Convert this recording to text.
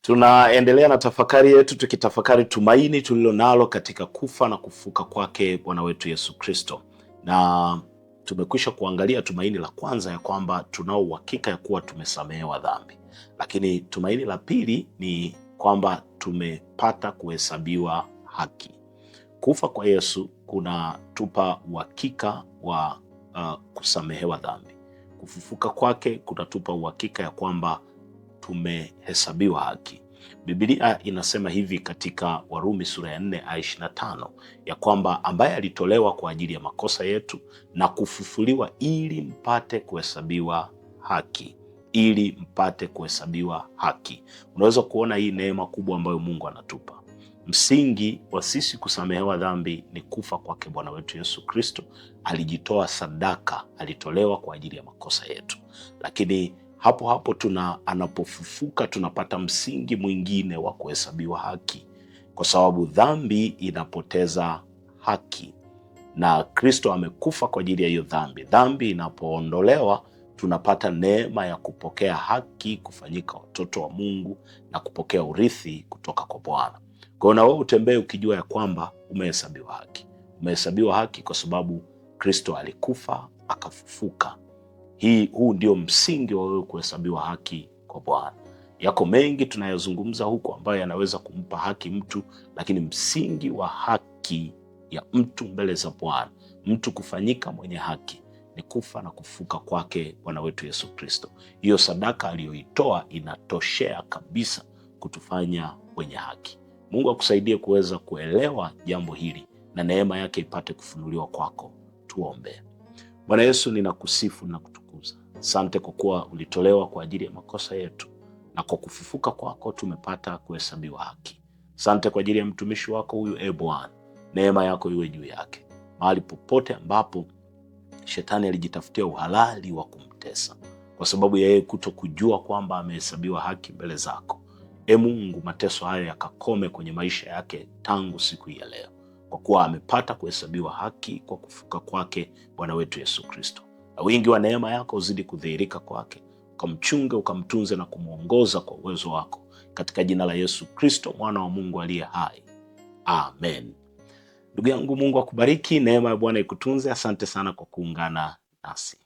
Tunaendelea na tafakari yetu tukitafakari tumaini tulilonalo katika kufa na kufuka kwake Bwana wetu Yesu Kristo, na tumekwisha kuangalia tumaini la kwanza ya kwamba tunao uhakika ya kuwa tumesamehewa dhambi, lakini tumaini la pili ni kwamba tumepata kuhesabiwa haki. Kufa kwa Yesu kunatupa uhakika wa uh, kusamehewa dhambi. Kufufuka kwake kunatupa uhakika ya kwamba tumehesabiwa haki. Biblia inasema hivi katika Warumi sura ya 4 aya 25 ya kwamba ambaye alitolewa kwa ajili ya makosa yetu na kufufuliwa ili mpate kuhesabiwa haki ili mpate kuhesabiwa haki. Unaweza kuona hii neema kubwa ambayo Mungu anatupa. Msingi wa sisi kusamehewa dhambi ni kufa kwake Bwana wetu Yesu Kristo. Alijitoa sadaka, alitolewa kwa ajili ya makosa yetu, lakini hapo hapo tuna anapofufuka tunapata msingi mwingine wa kuhesabiwa haki, kwa sababu dhambi inapoteza haki na Kristo amekufa kwa ajili ya hiyo dhambi. Dhambi inapoondolewa tunapata neema ya kupokea haki, kufanyika watoto wa Mungu na kupokea urithi kutoka kwa Bwana. Kwa hiyo na wewe utembee ukijua ya kwamba umehesabiwa haki. Umehesabiwa haki kwa sababu Kristo alikufa akafufuka. Hii, huu ndio msingi wa wewe kuhesabiwa haki kwa Bwana. Yako mengi tunayozungumza huku ambayo yanaweza kumpa haki mtu, lakini msingi wa haki ya mtu mbele za Bwana, mtu kufanyika mwenye haki ni kufa na kufuka kwake Bwana wetu Yesu Kristo. Hiyo sadaka aliyoitoa inatoshea kabisa kutufanya wenye haki. Mungu akusaidie kuweza kuelewa jambo hili na neema yake ipate kufunuliwa kwako. Tuombe. Bwana Yesu, ninakusifu na kutukuza. Asante kwa kuwa ulitolewa kwa ajili ya makosa yetu na kwa kufufuka kwako tumepata kuhesabiwa haki. Asante kwa ajili ya mtumishi wako huyu. E Bwana, neema yako iwe juu yake mahali popote ambapo shetani alijitafutia uhalali wa kumtesa kwa sababu ya yeye kuto kujua kwamba amehesabiwa haki mbele zako. E Mungu, mateso hayo yakakome kwenye maisha yake tangu siku hii ya leo, kwa kuwa amepata kuhesabiwa haki kwa kufuka kwake Bwana wetu Yesu Kristo, na wingi wa neema yako uzidi kudhihirika kwake, ukamchunge, ukamtunze na kumwongoza kwa uwezo wako, katika jina la Yesu Kristo, mwana wa Mungu aliye hai, amen. Ndugu yangu, Mungu akubariki, neema ya Bwana ikutunze. Asante sana kwa kuungana nasi.